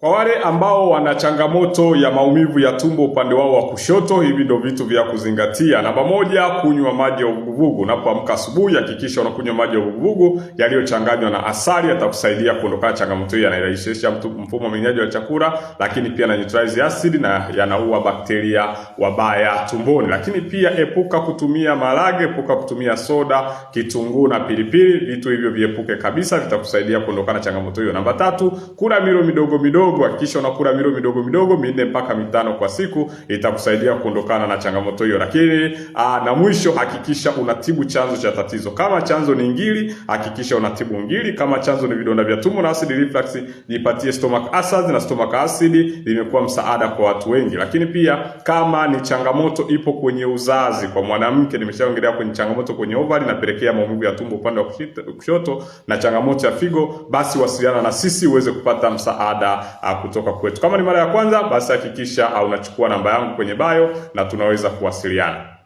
Kwa wale ambao wana changamoto ya maumivu ya tumbo upande wao wa kushoto, hivi ndio vitu vya kuzingatia. Namba moja, kunywa maji ya uvuguvugu. Unapoamka asubuhi, hakikisha unakunywa maji ya uvuguvugu yaliyochanganywa na asali, yatakusaidia kuondokana changamoto hii. Yanarahisisha mfumo wa mmeng'enyo wa chakula, lakini pia na neutralize acid na yanaua bakteria wabaya tumboni. Lakini pia epuka kutumia marage, epuka kutumia soda, kitunguu na pilipili. Vitu hivyo viepuke kabisa, vitakusaidia kuondokana changamoto hiyo. Namba tatu, kula milo midogo midogo midogo. hakikisha unakula milo midogo midogo minne mpaka mitano kwa siku, itakusaidia kuondokana na changamoto hiyo. Lakini aa, ah, na mwisho hakikisha unatibu chanzo cha tatizo. Kama chanzo ni ngiri, hakikisha unatibu ngiri. Kama chanzo ni vidonda vya tumbo na acid reflux, jipatie stomach acid na stomach acid limekuwa msaada kwa watu wengi. Lakini pia kama ni changamoto ipo kwenye uzazi kwa mwanamke, nimeshaongelea kwenye changamoto kwenye ovari inapelekea maumivu ya tumbo upande wa kushoto na changamoto ya figo, basi wasiliana na sisi uweze kupata msaada Ah, kutoka kwetu. Kama ni mara ya kwanza, basi hakikisha ah, unachukua namba yangu kwenye bio na tunaweza kuwasiliana.